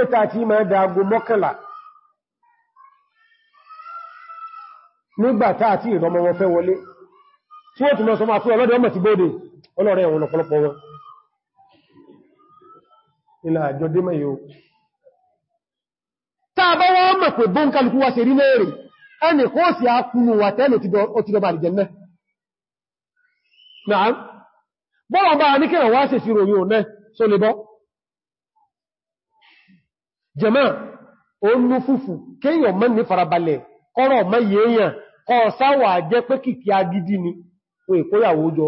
tí ìrọmọ wọn fẹ́ ọmọ ti ọlọ́rẹ̀ àwọn ọ̀pọ̀lọpọ̀ wọn ilẹ̀ àjọ dímọ̀ yóò táà bá wọ́n mọ̀ pé bọ́n kálukú wá ṣe rí ẹni kó sì á kúnnù wà tẹ́lẹ̀ ti náà kọ́rọ̀ kọ́ sáwà jẹ́ pé agidi ni òyìnkóyàwó jọ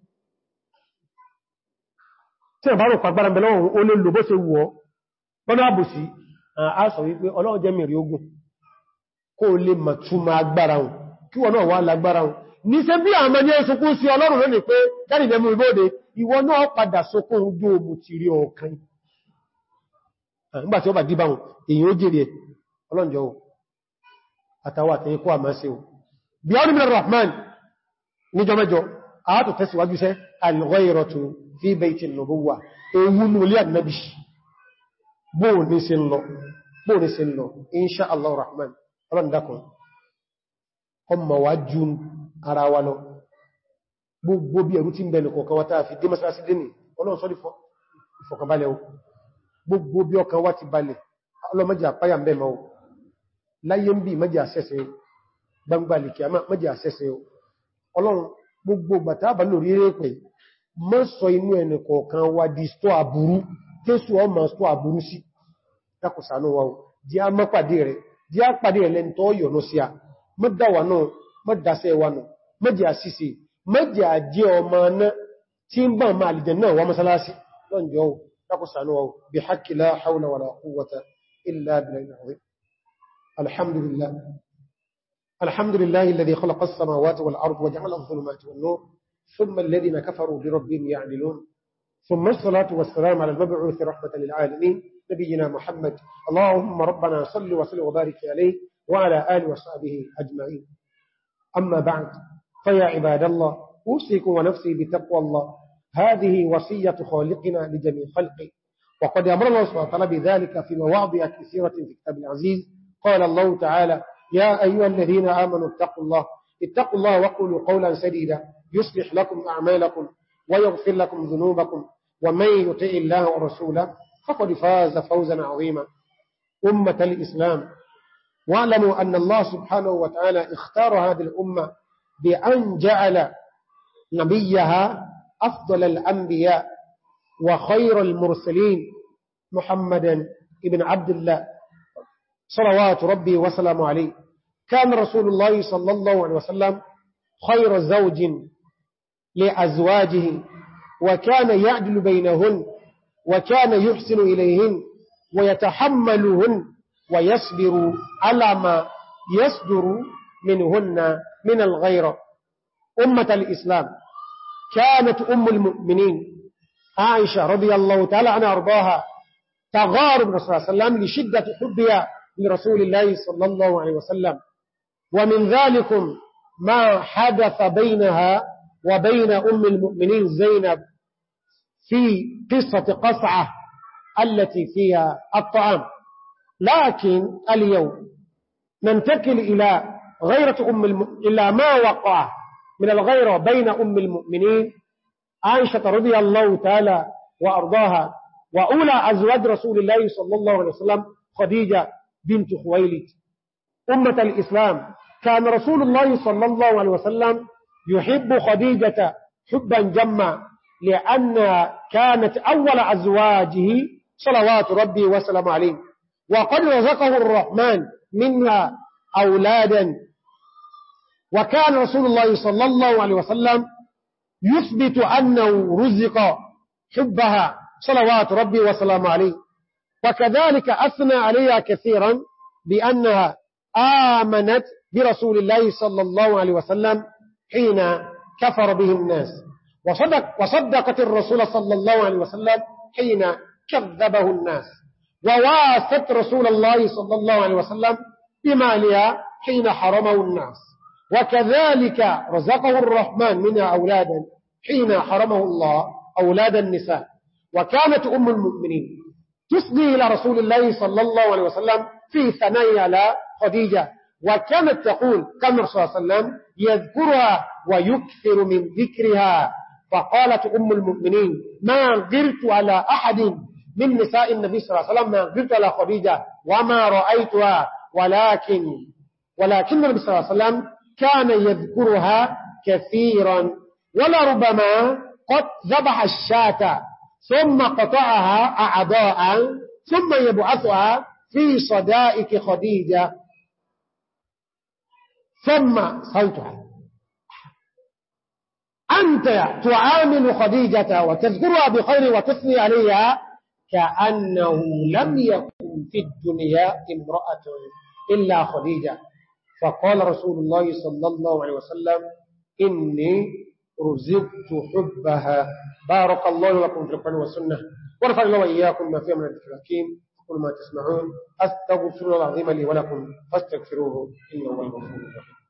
tí ẹ̀ bá rò pàgbára ń bẹ lọ́wọ́ ó lè lò bó ṣe wọ́ bọ́nà àbòsí a sọ wípé ọlọ́run jẹ́ mẹ́rin ogun kó lè mọ̀túnmọ̀ agbára hùn kí wọ́n náà wá lágbára hùn ní ṣe bí àmọ́ ní ẹsùnkún sí ọlọ́run lónìí pé jáde lẹ́mú ìbóde ìwọ náà padà sókún ojú ogun ti rí ọkàn nígbàtí ó bá díbà hùn èyí ó jèrè ọlọ́njọ́ àtàwà àtẹ́yìn kó àmọ́ sí o bí ọ́nà Rahman níjọ mẹ́jọ àátò tẹ́síwájú sẹ́ al-ghayratu fi bayti an-nubuwwa ewu ní olí ànábì bóò ní sí ń lọ inṣá allah rahman ọlọ́ndakùn ọmọ wá jù ara wa lọ gbogbo bí ẹ̀rú tí ń bẹ̀lẹ̀ kọ̀ọ̀kan wá táà fi dé mọ́sánásí dé ní ọlọ́run sọ́dí ìfọ̀kànbalẹ̀ o gbogbo bí ọkàn wá ti balẹ̀ ọlọ́mọ́jà páyà ń gbogbo gbàtàbà lórí rẹ̀pẹ̀ mọ́ sọ inú ẹni kọ̀ọ̀kan wa di stọ́ àbúrú tẹ́sù ọmọ stọ́ àbúrú sí dákùsànú wa di a mọ́ pàdé rẹ̀ di a pàdé rẹ̀ lẹ́n tọ́ yọ̀nú sí a mọ́dáwà náà mọ́dásẹ́ wa nù mọ́dí àṣìṣe mọ́dí àjẹ́ ọmọ náà tí ń bà máa lìjẹ̀ náà wà mọ́sálásí الحمد لله الذي خلق السماوات والأرض وجعل الظلمات والنور ثم الذين كفروا بربهم يعدلون ثم الصلاة والسلام على المبعوث رحمة للعالمين نبينا محمد اللهم ربنا صل وسلم وبارك عليه وعلى آله وصحبه أجمعين أما بعد فيا عباد الله أوصيكم ونفسي بتقوى الله هذه وصية خالقنا لجميع خلقه وقد أمر الله سبحانه وتعالى بذلك في مواضع كثيرة في كتاب العزيز قال الله تعالى يا أيها الذين آمنوا اتقوا الله اتقوا الله وقولوا قولا سديدا يصلح لكم أعمالكم ويغفر لكم ذنوبكم ومن يطع الله ورسوله فقد فاز فوزا عظيما أمة الإسلام واعلموا أن الله سبحانه وتعالى اختار هذه الأمة بأن جعل نبيها أفضل الأنبياء وخير المرسلين محمدا ابن عبد الله صلوات ربي وسلام عليه كان رسول الله صلى الله عليه وسلم خير زوج لأزواجه وكان يعدل بينهن وكان يحسن إليهن ويتحملهن ويصبر على ما يصدر منهن من الغير أمة الإسلام كانت أم المؤمنين عائشة رضي الله تعالى عنها أرضاها تغارب رسول الله صلى الله عليه وسلم لشدة حبها لرسول الله صلى الله عليه وسلم ومن ذلك ما حدث بينها وبين أم المؤمنين زينب في قصة قصعة التي فيها الطعام لكن اليوم ننتقل إلى غيرة أم الم... إلى ما وقع من الغيرة بين أم المؤمنين عائشة رضي الله تعالى وأرضاها وأولى أزواج رسول الله صلى الله عليه وسلم خديجة بنت خويلد أمة الإسلام كان رسول الله صلى الله عليه وسلم يحب خديجة حبا جما لأن كانت أول أزواجه صلوات ربي وسلم عليه وقد رزقه الرحمن منها أولادا وكان رسول الله صلى الله عليه وسلم يثبت أنه رزق حبها صلوات ربي وسلم عليه وكذلك أثنى عليها كثيرا بأنها آمنت برسول الله صلى الله عليه وسلم حين كفر به الناس وصدق وصدقت الرسول صلى الله عليه وسلم حين كذبه الناس وواست رسول الله صلى الله عليه وسلم بمالها حين حرمه الناس وكذلك رزقه الرحمن منها أولادا حين حرمه الله أولاد النساء وكانت أم المؤمنين تصدي إلى رسول الله صلى الله عليه وسلم في ثنايا لا خديجة وكانت تقول كما صلى الله عليه وسلم يذكرها ويكثر من ذكرها فقالت أم المؤمنين ما غرت على أحد من نساء النبي صلى الله عليه وسلم ما غرت على خديجة وما رأيتها ولكن ولكن النبي صلى الله عليه وسلم كان يذكرها كثيرا ولربما قد ذبح الشاة ثم قطعها أعضاء ثم يبعثها في صدائك خديجة ثم صوتها أنت تعامل خديجة وتذكرها بخير وتثني عليها كأنه لم يكن في الدنيا امرأة إلا خديجة فقال رسول الله صلى الله عليه وسلم إني رزقت حبها بارك الله لكم في القرآن والسنة ورفع الله وإياكم ما فيه من الحكيم كل ما تسمعون أستغفر الله العظيم لي ولكم فاستغفروه إنه هو الغفور الرحيم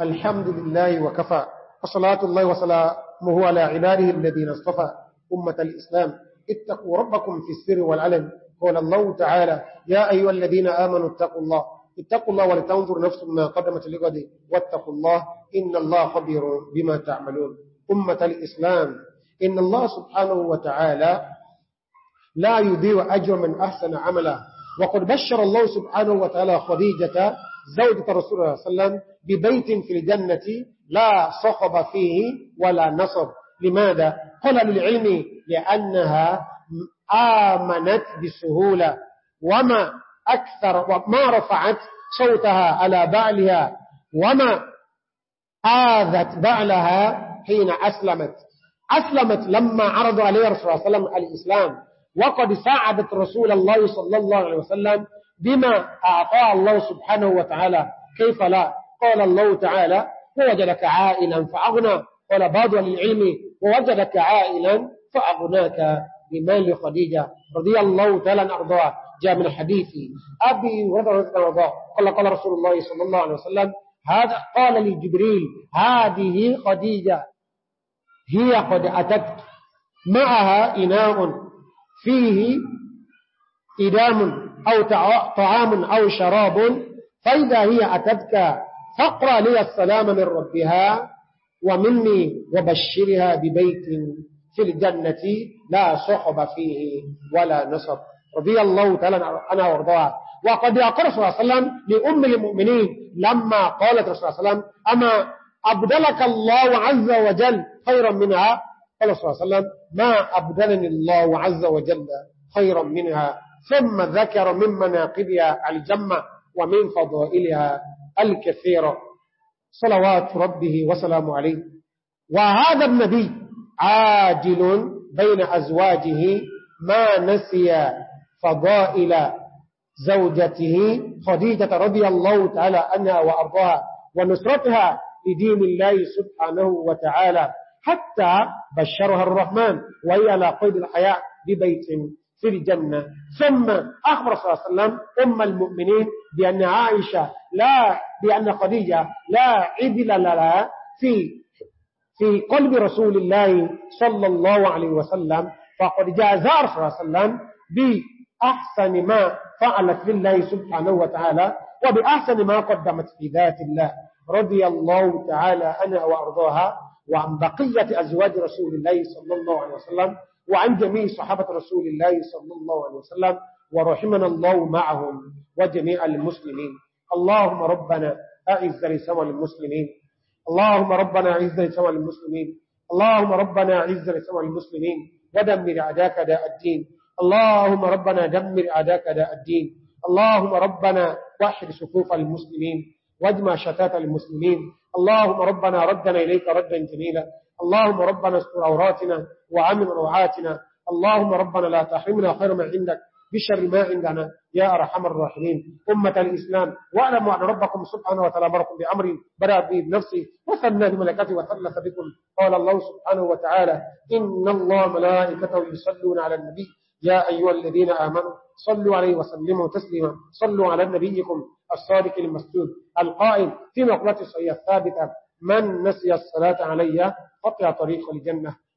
الحمد لله وكفى وصلاة الله وسلامه على عباده الذين اصطفى أمة الإسلام اتقوا ربكم في السر والعلم قول الله تعالى يا أيها الذين آمنوا اتقوا الله اتقوا الله ولتنظر نفس ما قدمت لغد واتقوا الله إن الله خبير بما تعملون أمة الإسلام إن الله سبحانه وتعالى لا يضيع أجر من أحسن عملا وقد بشر الله سبحانه وتعالى خديجة زوجة رسول الله صلى الله عليه وسلم ببيت في الجنة لا صخب فيه ولا نصب لماذا؟ قال للعلم لأنها آمنت بسهولة وما أكثر وما رفعت صوتها على بعلها وما آذت بعلها حين أسلمت أسلمت لما عرض عليه رسول الله صلى الله عليه وسلم الإسلام وقد ساعدت رسول الله صلى الله عليه وسلم بما أعطى الله سبحانه وتعالى كيف لا قال الله تعالى ووجدك عائلا فأغنى قال بعض للعلم ووجدك عائلا فأغناك من لخديجة رضي الله تعالى أرضاه جاء من حديث أبي وضع قال قال رسول الله صلى الله عليه وسلم هذا قال لجبريل هذه خديجة هي قد أتت معها إناء فيه إدام أو طعام أو شراب فإذا هي أتتك فاقرأ لي السلام من ربها ومني وبشرها ببيت في الجنة لا صحب فيه ولا نصب رضي الله تعالى أنا وارضاه وقد الله صلى الله عليه وسلم لأم المؤمنين لما قالت صلى الله عليه وسلم أما أبدلك الله عز وجل خيرا منها قال صلى الله عليه وسلم ما أبدلني الله عز وجل خيرا منها ثم ذكر من مناقبها الجمة ومن فضائلها الكثيرة صلوات ربه وسلام عليه وهذا النبي عاجل بين أزواجه ما نسي فضائل زوجته خديجة رضي الله تعالى عنها وأرضها ونصرتها لدين الله سبحانه وتعالى حتى بشرها الرحمن وهي على قيد الحياة ببيت في الجنة ثم أخبر صلى الله عليه وسلم أم المؤمنين بأن عائشة لا بأن خديجة لا عدل لها في في قلب رسول الله صلى الله عليه وسلم فقد جاء زار صلى الله عليه وسلم بأحسن ما فعلت لله سبحانه وتعالى وبأحسن ما قدمت في ذات الله رضي الله تعالى عنها وأرضاها وعن بقية أزواج رسول الله صلى الله عليه وسلم وعن جميع صحابة رسول الله صلى الله عليه وسلم ورحمنا الله معهم وجميع المسلمين اللهم ربنا أعز لسوى المسلمين اللهم ربنا عز لسوى المسلمين اللهم ربنا عز لسوى المسلمين ودمر عداك داء الدين اللهم ربنا دمر عداك داء الدين اللهم ربنا وحد سفوف المسلمين واجمع شتات المسلمين اللهم ربنا ردنا إليك ردا جميلا اللهم ربنا استر عوراتنا وعمل روعاتنا اللهم ربنا لا تحرمنا خير ما عندك بشر ما عندنا يا أرحم الراحمين أمة الإسلام وأعلموا أن ربكم سبحانه وتعالى أمركم بأمر بدأ به بنفسي وثنى بملكته وثلث بكم قال الله سبحانه وتعالى إن الله ملائكته يصلون على النبي يا أيها الذين آمنوا صلوا عليه وسلموا تسليما صلوا على نبيكم الصادق المسجود القائم في مقلة الصحية الثابتة من نسي الصلاة علي قطع طريق الجنة